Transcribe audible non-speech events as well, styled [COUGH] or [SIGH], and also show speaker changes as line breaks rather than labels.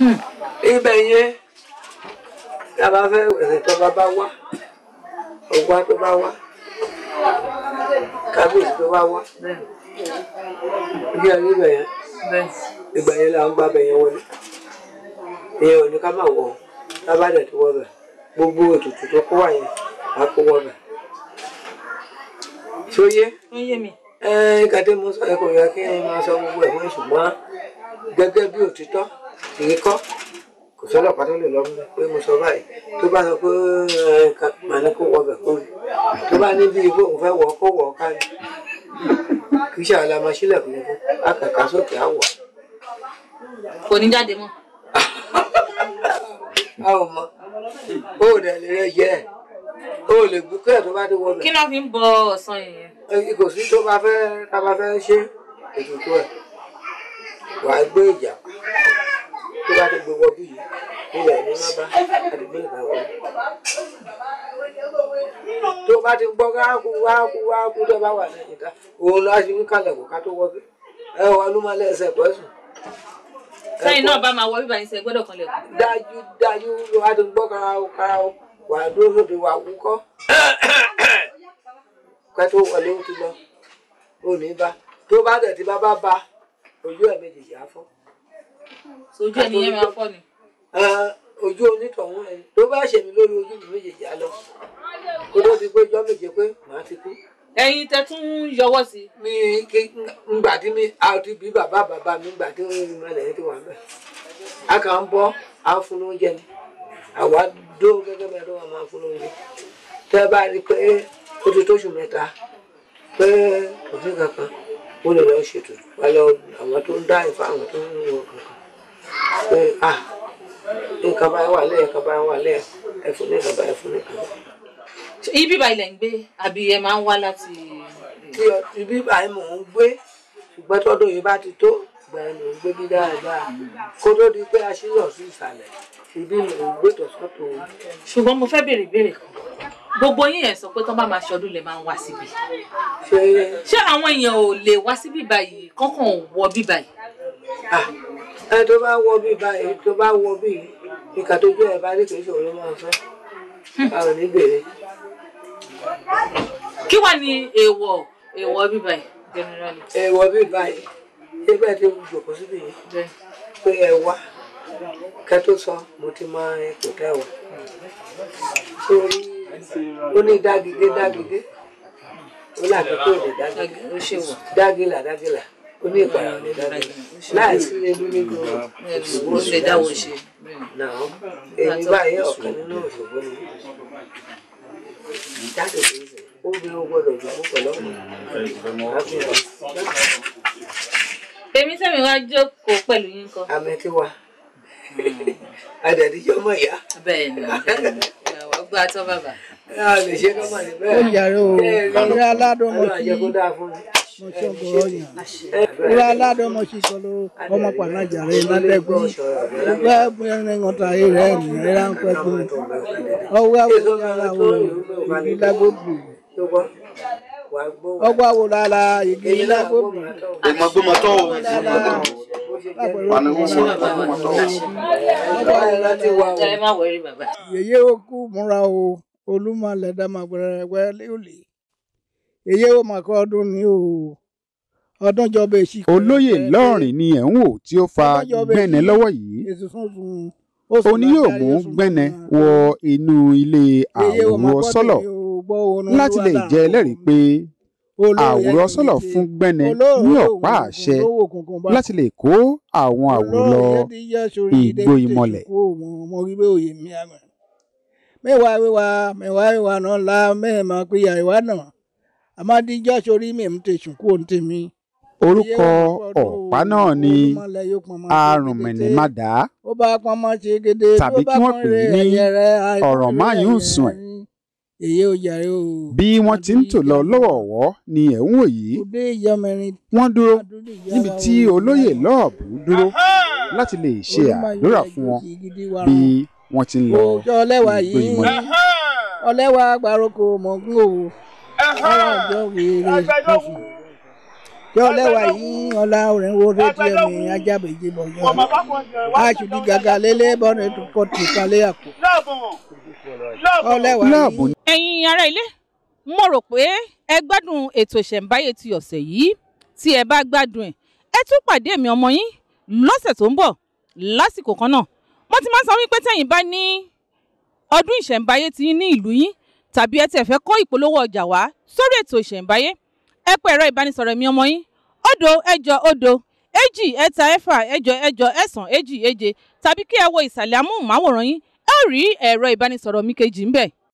ibẹ̀ yẹn tá a bá fẹ́ ẹ̀sìn tó bá bá wá ọgbà tó bá wá kábíyèsí tó bá wá bí a rí ibẹ̀ yẹn ìgbà yẹn là ń gba abẹ yẹn wọlé ìyẹn ò ní ká má wọ lábàdàn tó wọ bẹ gbogbo ètùtù tó kó wà yẹn á kó wọ bẹ tí ó yé ẹ kàdé mo sọ ẹ kò yẹ kí ẹ máa sọ gbogbo ẹ fún ìṣùgbọ́n gẹ́gẹ́ bí òtítọ́ èyí kọ́ kò sọ́lọ́pàá tó lè lọ mú pé mo sọ báyìí tó bá sọ pé nǹkan màá ní kó wọ ọbẹ̀ kó rí tó bá ní bí igbó òun fẹ́ wọ kó wọ ká rí kì í ṣe àlà máa sílẹ̀ fún mi fún akàkà sókè àwọ̀. kò ní jáde mọ́. [LAUGHS] a ò mọ o ò dẹ̀ lè rẹ jẹ ẹ o ò lè gbúkẹ́ tó bá ti wọ bẹ̀. kí ló fi ń bọ ọ̀sán yìí. kò sí tó bá fẹ́ tá a bá fẹ́ ṣe ètùtù ẹ̀ wàá gbé ìjà tó bá ti gbé wọbí yìí
ilẹ̀ ní wọ́n bá
àdúgbò ìgbà wọlé. tó bá ti gbọ́ káàkú káàkú káàkú tó bá wà lẹ́yìn ká òun lọ́ọ́ ti wí kalẹ̀ kó ká tó wọbí ẹ wọ olúmọlẹ́ ẹsẹ̀ pẹ́sùn.
sẹ́yìn náà bá máa wọ
bíbá ẹsẹ̀ gbọ́dọ̀ kan lẹ̀kọ́. dájú dájú ló wá ti gbọ́ karao karao wà á dúró sóde wà á wúkọ́ ká tó wọlé ó ti lọ òní bá tó bá tẹ̀ tí bá bá ba ojú ẹ̀ méjèèjì á fọ́ sojú ẹni yẹn máa fọ́ ni. ojú onítọ̀hún ẹni tó bá ṣe mí lórí ojú mi méjèèjì á lọ kó tó di pé jọ́ méje pé màá ti kú. ẹ̀yin tẹ tún yọwọ́ sí. mi kí ngbà tí mi a ti bí bàbá bàbá mi ngbà tí orin mi lẹ́yìn ti wà ń bẹ̀. a kà ń bọ́ a ń fún oúnjẹ ni àwa dó gẹ́gẹ́ bẹ́ẹ̀ tó wà máa fún oúnjẹ. tẹ́ bá rí pé ó ti tóṣù mẹ́ta pé kò sí kankan ó lè lọ ṣètò wálé àwọn tó ń dá ìfáwọn tó ń wọ kankan pé ah, à nǹkan báyìí wà lẹ́yìn nǹkan báyìí wà lẹ́yìn ẹ̀fún ní nǹkan ibi báyìí lẹ̀ ń gbé àbí ẹ máa ń wá láti. ibi báyìí mò ń gbé ṣùgbọ́n tọ́dọ̀ yìí bá ti tó ìgbà mò ń gbé bí dáadáa kó tó di pé a ṣí lọ sí ìsàlẹ̀ ibi mò ń gbé tọ̀sọ́tò. ṣùgbọ́n mo fẹ́ béèrè ìbéèrè kan gbogbo yín yẹn sọ pé tán bá máa ṣọdún lè máa ń wá síbi ṣé àwọn èèyàn ò lè wá síbi báyìí kọ́kàn wọ bíbáyìí. Ah, ẹ tó bá wọ bí báyìí tó bá wọ bí ìka tó jẹ ẹ bá rí kìí sọ̀rọ̀ máa fẹ́ a ò ní bèrè. kí wàá ní èèwọ̀ èèwọ̀ bí báyìí generally. èèwọ̀ bí báyìí ẹgbẹ́ tí mo jòkó síbi yìí pé ẹ wá kẹ tó sọ mo ti máa ipò tẹ́wọ̀ sórí ó ní dágidé dágidé
ó làgbé pé òde dágidé
dágìlà dágìlà oní ìpààyàn lè dá dé láì sí ewu ní gbogbo òṣùwò ṣe dáwọ ṣe náà èmi báyìí ọ̀kan nínú òṣùwò ni jáde lè ṣe obìnrin ò gbọdọ̀ jòkó pẹ̀lú ọ̀nà àfihàn. èmi sẹ́mi wá jókòó pẹ̀lú yín kan. àmì ti wà àdàdíjọ́ mọ̀ yá. bẹ́ẹ̀ ni bẹ́ẹ̀ ni ìyàwó gbá tọ́ bàbá. a lè ṣe kọ́mọ̀ ní bẹ́ẹ̀. ó yàrá o ìrẹ́ aládùn mọ̀ kí ula alado mochisolo oma kwana jare nadegu ugbe buyane ngota ire nira nkweku owa wuyala wo ibilagodu ọgbà wo lára igi lágbóbi. èèmọ̀ gbé mọ́tò o. yèyé okú múra o olúmọ lẹdá máa gbẹrẹ wẹlé òlè èyí ó mọ̀ kọ́ ọdún ni o ọdún jọba èsì. olóyè lọ́ọ̀rìn ni ẹ̀ ń wò tí ó fa gbẹ́nẹ lọ́wọ́ yìí ó ní yóò mú gbẹ́nẹ wọ inú ilé àwòrán sọ́lọ̀ láti lè jẹ́ ẹlẹ́rìí pé àwòrán sọ́lọ̀ fún gbẹ́nẹ ní ọ̀pá àṣẹ láti lè kó àwọn àwòrán lọ ìgbó ìmọ̀lẹ̀ mẹ́wàá wíwá mẹ́wàá wíwá náà la mẹ́ẹ̀mà pé àìwá náà amadijọ́ sórí mi ń tẹ̀sùn kú ohun tèmi. orúkọ ọ̀pá náà ni arùnmìnìmàdá tàbí kí wọ́n pè é ní ọ̀ràn máyùn sùn ẹ̀ o. bí wọ́n ti ń tò lọ lọ́wọ̀ọ̀wọ́ ni ẹ̀ ń wọ́n dúró níbi tí olóyè lọ́ọ̀bù dúró láti lè ṣe àdúrà fún wọn bí wọ́n ti ń lọ ìgbìmọ̀. yìí ọlẹ́wà gbàrúkọ mọ̀gún òwò ọlọ́jọ́ wèrè yìí ọlá orin wo rédíò mi ajábèjì bọ̀ yọ aṣùdí gàgà lélẹ̀ bọ́ọ̀nù ètò pọ̀tù ìpalẹ̀ àpò ọlẹ́wà yìí. ẹ̀yin ará ilé mo rò pé ẹ gbádùn ètò ìṣẹ̀ǹbáyé ti ọ̀sẹ̀ yìí tí ẹ bá gbádùn ẹ̀ ẹ tún pàdé mi ọmọ yín lọ́sẹ̀ tó ń bọ̀ lásìkò kan náà mo ti máa ń sọ wípé tẹ̀yin bá ní ọdún ìṣẹ̀ǹbáyé ti ní ìlú yín tàbí ẹ tẹ̀ fẹ́ kó ìpolówó ọjà wá sórí ètò ìṣẹ̀ǹbáyé ẹ pẹ́ ẹ̀rọ ìbánisọ̀rọ̀ mi ọmọ yín òdo ẹ̀jọ òdo èjì ẹ̀ta ẹ̀fà ẹ̀jọ ẹ̀jọ ẹ̀sán èjì èje tàbí kí ẹ wo ìsàlẹ̀ amóhùnmáwòrán yín ẹ rí ẹ̀rọ ìbánisọ̀rọ̀ mi kejì ńbẹ̀